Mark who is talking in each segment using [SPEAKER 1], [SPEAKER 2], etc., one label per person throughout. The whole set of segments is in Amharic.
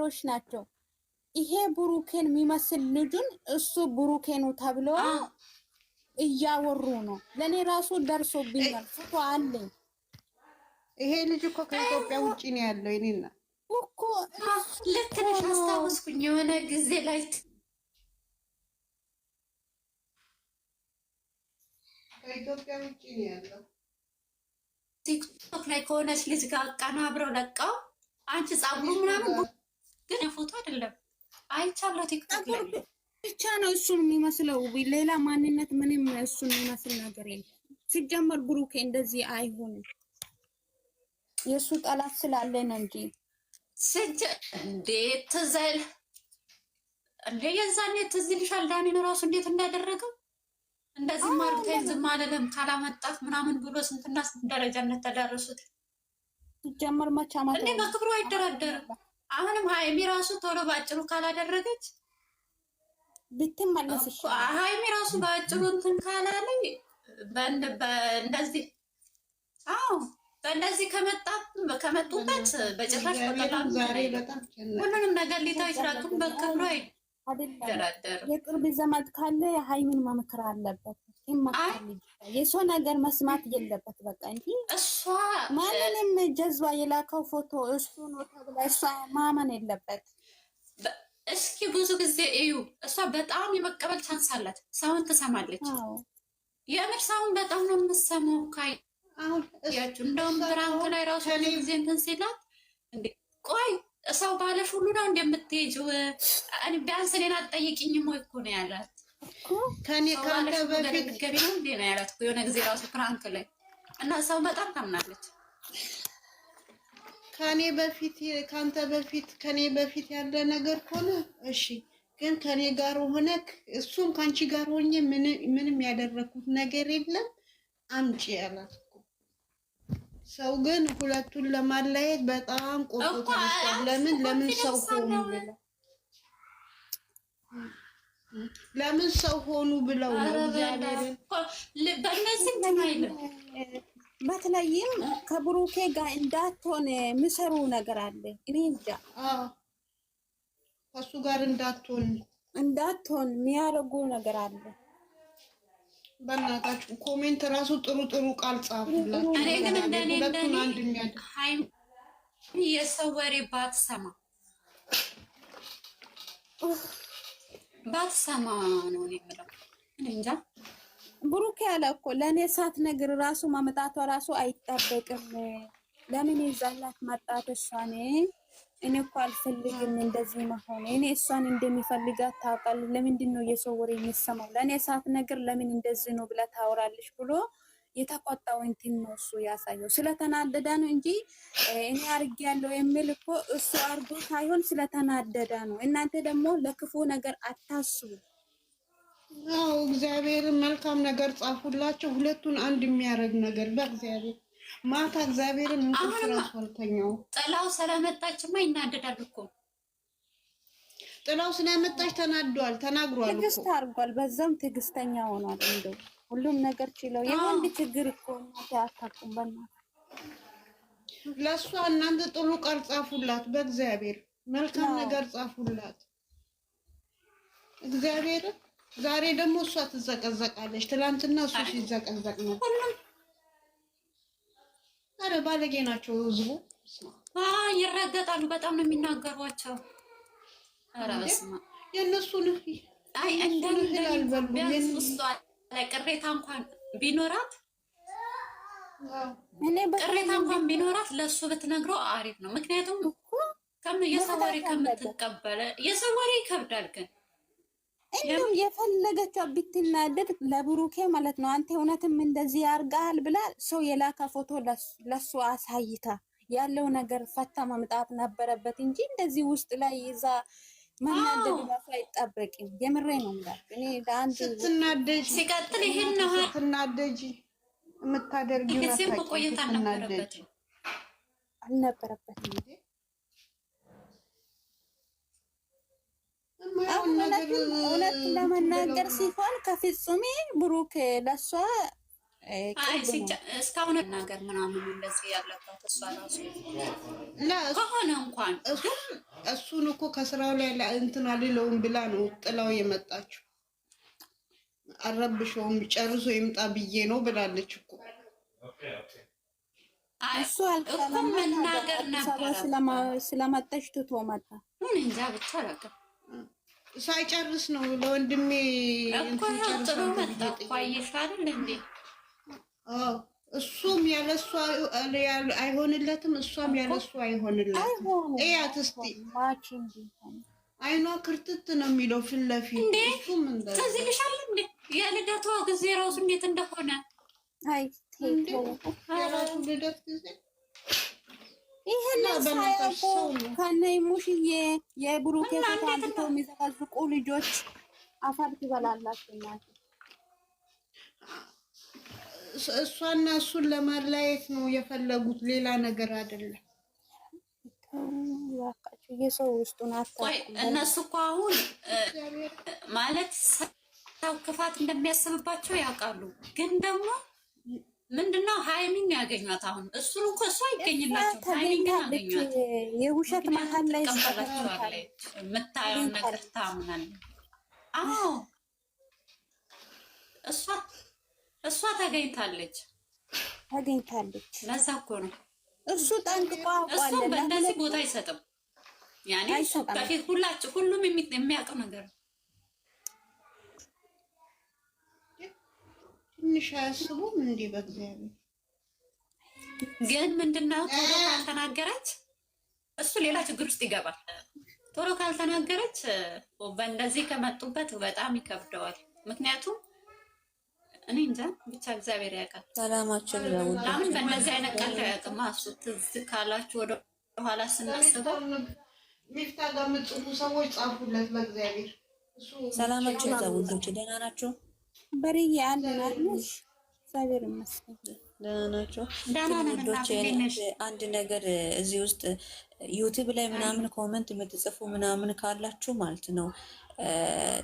[SPEAKER 1] ሮች ናቸው። ይሄ ብሩኬን የሚመስል ልጁን እሱ ብሩኬኑ ተብሎ እያወሩ ነው። ለእኔ ራሱ ደርሶብኛል፣ ፎቶ አለ።
[SPEAKER 2] ይሄ ልጅ እኮ ከኢትዮጵያ ውጭ ነው ያለው። ይኔና
[SPEAKER 3] እኮ ልክ ነሽ፣ አስታወስኩኝ የሆነ ጊዜ ላይ
[SPEAKER 2] ከኢትዮጵያ ውጭ ነው ያለው።
[SPEAKER 3] ቲክቶክ ላይ ከሆነች ልጅ ጋር ቀና አብረው ለቀው አንቺ ጸጉሩ ምናምን ግን የፎቶ አይደለም አይቻለሁ። ቲክቶክ
[SPEAKER 1] ብቻ ነው እሱን የሚመስለው፣ ሌላ ማንነት ምንም እሱን የሚመስል ነገር የለም። ሲጀመር ብሩኬ እንደዚህ አይሆንም። የእሱ ጠላት ስላለ ነው እንጂ
[SPEAKER 3] እንዴት ትዝ አይል እንዴ? የዛኔ ትዝ ይልሻል ዳኒን ራሱ እንዴት እንዳደረገው እንደዚህ ማርታይ ዝም አልልም ካላመጣት ምናምን ብሎ ስንትና ስንት ደረጃ ተዳረሱት።
[SPEAKER 1] ሲጀመር መቻማ እንዴ
[SPEAKER 3] በክብሩ አይደራደርም። አሁንም ሀይሚ ራሱ ቶሎ ባጭሩ ካላደረገች
[SPEAKER 1] ብትመለስ
[SPEAKER 3] ሀይሚ ራሱ ባጭሩ እንትን ካላለኝ እንደዚህ አዎ በእንደዚህ ከመጣ ከመጡበት በጭራሽ ሁሉንም ነገር ሊታ ይችላል። ግን በክብሩ አይደራደርም።
[SPEAKER 1] የቅርብ ዘመድ ካለ የሀይሚን መምክር አለበት። የእሷ ነገር መስማት የለበት። በቃ እንጂ ማንንም ጀዝባ የላከው ፎቶ እሱ ነው ተብላ እሷ ማመን የለበት።
[SPEAKER 3] እስኪ ብዙ ጊዜ እዩ፣ እሷ በጣም የመቀበል ቻንስ አላት። ሰውን ትሰማለች። የምር ሰውን በጣም ነው የምሰማው። ካያችሁ እንደውም ብራንክ ላይ ራሱ ጊዜ እንትን ሲላት ቆይ ሰው ባለሽ ሁሉ ነው እንደምትሄጂው ቢያንስ እኔን አትጠይቂኝም ወይ እኮ ነው ያላት
[SPEAKER 1] ከኔ ካንተ በፊት
[SPEAKER 3] ገቢ ነው እንዴ ነው ያላት የሆነ ጊዜ ራሱ ፕራንክ ላይ እና ሰው በጣም ታምናለች።
[SPEAKER 1] ከኔ በፊት ካንተ በፊት ከኔ በፊት ያለ ነገር ከሆነ እሺ፣ ግን ከኔ ጋር ሆነ እሱም ከአንቺ ጋር ሆኜ ምንም ያደረኩት ነገር የለም አምጪ ያላት እኮ ሰው ግን ሁለቱን ለማለየት በጣም ቆርጦ ለምን ለምን ሰው ሆኑ ብላ ለምን ሰው ሆኑ ብለው ነው እግዚአብሔርን በተለይም ከብሩኬ ጋር እንዳትሆን ምሰሩ ነገር አለ። እኔ እንጃ
[SPEAKER 2] ከሱ ጋር እንዳትሆን
[SPEAKER 1] እንዳትሆን የሚያደርጉ ነገር አለ።
[SPEAKER 2] በእናታችሁ ኮሜንት ራሱ ጥሩ ጥሩ ቃል ጻፉላት።
[SPEAKER 3] እኔ ግን እንደኔ እንደኔ ሀይሚ የሰው ወሬ ባትሰማ ባትሰማ ነው የምለው። እንጃ
[SPEAKER 1] ብሩክ ያለ እኮ ለእኔ ሳት ነግር ራሱ መምጣቷ ራሱ አይጠበቅም። ለምን ይዛላት መጣት? እሷን እኔ እኮ አልፈልግም እንደዚህ መሆን። እኔ እሷን እንደሚፈልጋት ታውቃለህ። ለምንድን ነው የሰው ወሬ የሚሰማው? ለእኔ ሳት ነግር ለምን እንደዚህ ነው ብላ ታወራለች ብሎ የተቆጣው እንትን ነው እሱ ያሳየው። ስለተናደደ ነው እንጂ እኔ አርግ ያለው የሚል እኮ እሱ አርጎ ሳይሆን ስለተናደደ ነው። እናንተ ደግሞ ለክፉ ነገር አታስቡ።
[SPEAKER 2] አዎ እግዚአብሔር መልካም ነገር ጻፉላቸው። ሁለቱን አንድ የሚያደርግ ነገር በእግዚአብሔር ማታ እግዚአብሔርን እንቅልፍ ራሱ
[SPEAKER 3] አልተኛው። ጥላው ስለመጣችማ ይናደዳል እኮ
[SPEAKER 2] ጥላው ስለመጣች ተናዷል፣ ተናግሯል፣ ትግስት
[SPEAKER 1] አርጓል። በዛም ትግስተኛ ሆኗል እንደው ሁሉም ነገር ችለው የወንድ ችግር እኮ እናት አታውቁም። በእናት
[SPEAKER 2] ለእሷ እናንተ ጥሩ ቃል ጻፉላት፣ በእግዚአብሔር መልካም ነገር ጻፉላት። እግዚአብሔር ዛሬ ደግሞ እሷ ትዘቀዘቃለች። ትላንትና እሱ ሲዘቀዘቅ ነው። አረ ባለጌ ናቸው ህዝቡ።
[SPEAKER 3] ይረገጣሉ። በጣም ነው የሚናገሯቸው። አረ በስመ አብ የእነሱን አይ እንደምን ይላል በሉ ቅሬታ እንኳን ቢኖራት ቅሬታ እንኳን ቢኖራት ለእሱ ብትነግረው አሪፍ ነው። ምክንያቱም የሰው ወሬ ከምትቀበለ የሰው ወሬ ይከብዳል። ግን
[SPEAKER 1] እንዲሁም የፈለገችው ብትናደድ ለብሩኬ ማለት ነው አንተ እውነትም እንደዚህ ያርጋል ብላ ሰው የላከ ፎቶ ለሱ አሳይታ ያለው ነገር ፈታ መምጣት ነበረበት እንጂ እንደዚህ ውስጥ ላይ ይዛ መናደድ ራሱ አይጠበቅም። የምሬ ነው። እኔ
[SPEAKER 2] ለአንድ ስትናደጅ
[SPEAKER 3] ሲቀጥል ነው
[SPEAKER 2] ስትናደጅ የምታደርጊው
[SPEAKER 1] አልነበረበትም እውነት ለመናገር ሲሆን ከፍጹሜ ብሩክ ለሷ
[SPEAKER 3] እስካሁን ነገር ምናምን እንደዚህ ያለባት እሷ ራሱ ከሆነ እንኳን
[SPEAKER 2] እሱን እኮ ከስራው ላይ እንትን አልለውም ብላ ነው ጥላው የመጣችው። አረብሸውም ጨርሶ ይምጣ ብዬ ነው ብላለች እኮ
[SPEAKER 1] ስለመጣች ትቶ መጣ።
[SPEAKER 3] እንጃ ብቻ
[SPEAKER 2] ሳይጨርስ ነው ለወንድሜ
[SPEAKER 3] ጥሩ መጣ። ኳየሻል እንዴ
[SPEAKER 2] እሱም ያለሷ አይሆንለትም፣ እሷም ያለሷ አይሆንለትም። እያት እስኪ አይኗ ክርትት ነው የሚለው ፊት ለፊት
[SPEAKER 3] እሱም እንደዚልሻል እንዴ የልደቷ ጊዜ ራሱ እንዴት እንደሆነ
[SPEAKER 1] ይህን ሳያውቁ ከነ ሙሽዬ የብሩኬ ተታብተው የሚዘቀዝቁ ልጆች አፈር ትበላላችሁ ናቸው።
[SPEAKER 2] እሷና እሱን ለማላየት ነው የፈለጉት፣ ሌላ ነገር አይደለም።
[SPEAKER 1] የሰው ውስጡን
[SPEAKER 3] እነሱ እኮ አሁን ማለት ሰው ክፋት እንደሚያስብባቸው ያውቃሉ። ግን ደግሞ ምንድነው ሀይሚን ያገኟት አሁን እሱ እኮ እሱ አይገኝላቸው ሀይሚን ግን አገኟት። የውሸት መሀል ላይ የምታየውን ነገር ታምናለች። አዎ እሷ እሷ ተገኝታለች
[SPEAKER 1] ተገኝታለች።
[SPEAKER 3] ለዛ እኮ ነው
[SPEAKER 1] እሱ ጠንቅቆ አውቋል።
[SPEAKER 3] እሱ በእንደዚህ ቦታ አይሰጥም። ያኔ በፊት ሁላችሁ ሁሉም የሚያውቅ ነገር ነው።
[SPEAKER 2] ትንሽ አያስቡም በእግዚአብሔር
[SPEAKER 3] ግን ምንድነው ቶሎ ካልተናገረች እሱ ሌላ ችግር ውስጥ ይገባል። ቶሎ ካልተናገረች በእንደዚህ ከመጡበት በጣም ይከብደዋል። ምክንያቱም እኔ እንጃ ብቻ እግዚአብሔር ያውቃል።
[SPEAKER 1] ሰላማችን ለውድ
[SPEAKER 3] በእነዚህ አይነት ቀልድ እሱ ትዝ ካላችሁ ኋላ ስናስበው
[SPEAKER 2] ሚፍታ ጋር የምጽፉ ሰዎች ጻፉለት በእግዚአብሔር
[SPEAKER 4] ሰላማችሁ ደህና ናቸው።
[SPEAKER 1] እግዚአብሔር ይመስገን
[SPEAKER 4] ደህና ናቸው። ውዶች አንድ ነገር እዚህ ውስጥ ዩቲዩብ ላይ ምናምን ኮመንት የምትጽፉ ምናምን ካላችሁ ማለት ነው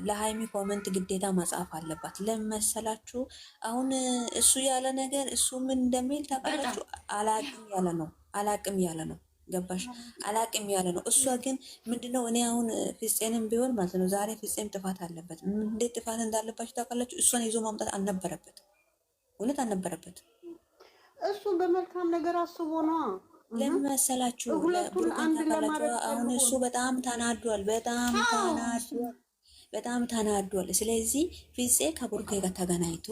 [SPEAKER 4] ለሀይሚ ኮመንት ግዴታ መጻፍ አለባት። ለምን መሰላችሁ? አሁን እሱ ያለ ነገር እሱ ምን እንደሚል ታውቃላችሁ? አላቅም ያለ ነው። አላቅም ያለ ነው። ገባሽ? አላቅም ያለ ነው። እሷ ግን ምንድነው እኔ አሁን ፍፄንም ቢሆን ማለት ነው ዛሬ ፍፄም ጥፋት አለበት። እንዴት ጥፋት እንዳለባችሁ ታውቃላችሁ? እሷን ይዞ ማምጣት አልነበረበት፣ እውነት አልነበረበት።
[SPEAKER 1] እሱ በመልካም ነገር አስቦ ነው
[SPEAKER 4] ለምን ሁለቱን አንድ ለማድረግ አሁን እሱ በጣም ተናዷል። በጣም ተናዷል። በጣም ተናዷል። ስለዚህ ፍፄ ከቡርኬ ጋር ተገናኝቶ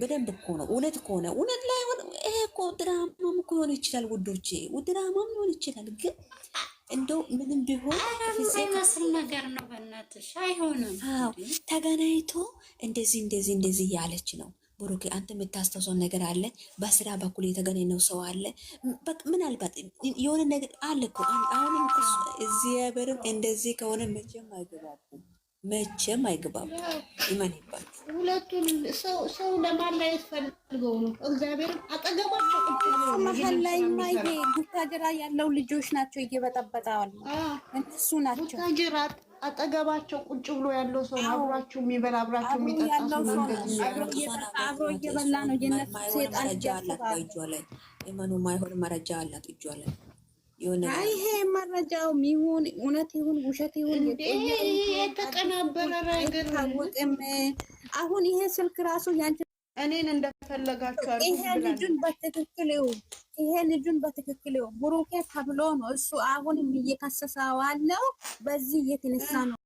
[SPEAKER 4] በደንብ እኮ ነው እውነት ከሆነ እውነት ላይ ይሄ እኮ ድራማም እኮ ሊሆን ይችላል ውዶቼ፣ ድራማም ሊሆን ይችላል። ግን እንደው ምንም ቢሆን
[SPEAKER 3] መስል ነገር ነው። በእናትሽ አይሆንም።
[SPEAKER 4] ተገናኝቶ እንደዚህ እንደዚህ እንደዚህ እያለች ነው ብሩኬ አንተ የምታስተውሰው ነገር አለ፣ በስራ በኩል የተገናኘው ሰው አለ። ምናልባት የሆነ ነገር አለ እኮ አሁንም እግዚአብሔርም እንደዚህ ከሆነ መቼም አይገባም። መቼም አይግባቡ። ይመን ይባል
[SPEAKER 2] ሁለቱን ሰው ሰው ላይ ያስፈልገው ነው? እግዚአብሔር አጠገባቸው
[SPEAKER 1] መሀል ላይ ማየ ቡታጅራ ያለው ልጆች ናቸው እየበጠበጠዋል። እነሱ ናቸው
[SPEAKER 2] ቡታጅራ አጠገባቸው ቁጭ ብሎ ያለው ሰው አብሯችሁ የሚበላ አብሯችሁ የሚጠጣ ሰው
[SPEAKER 1] አብሮ እየበላ ነው።
[SPEAKER 4] የነሱ ሴጣን እጇ ላይ የመኑ ማይሆን መረጃ አላት እጇ ላይ
[SPEAKER 1] ይሄ መረጃው ሚሆን እውነት ይሁን ውሸት ይሁን
[SPEAKER 3] የተቀናበረ ነገር
[SPEAKER 1] አሁን ይሄ ስልክ ራሱ ያንቺ እኔን ይሄ ልጁን በትክክል ይሄ ልጁን በትክክል ብሩኬ ተብሎ ነው እሱ በዚህ እየተነሳ ነው